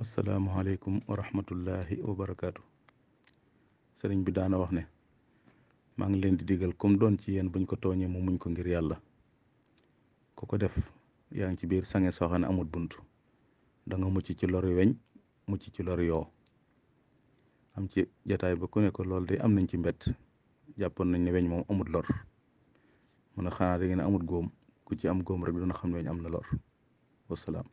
asalaamualeykum wa rahmatullahi wa barakaatu sëriñ bi daana wax ne maa ngi leen di digal comme doon ci yéen buñ ko tooñee mu muñ ko ngir yàlla ku ko def yaa ngi ci biir sange soo xam amut bunt danga nga mucc ci lori weñ mucc ci lori yoo am ci jataay ba ku ne ko loolu de am nañ ci mbett jàppoon nañ ne weñ moom amut lor mun a xanaa da ngeen amut góom ku ci am góom rek dana xam ne weñ am na lor wasalaam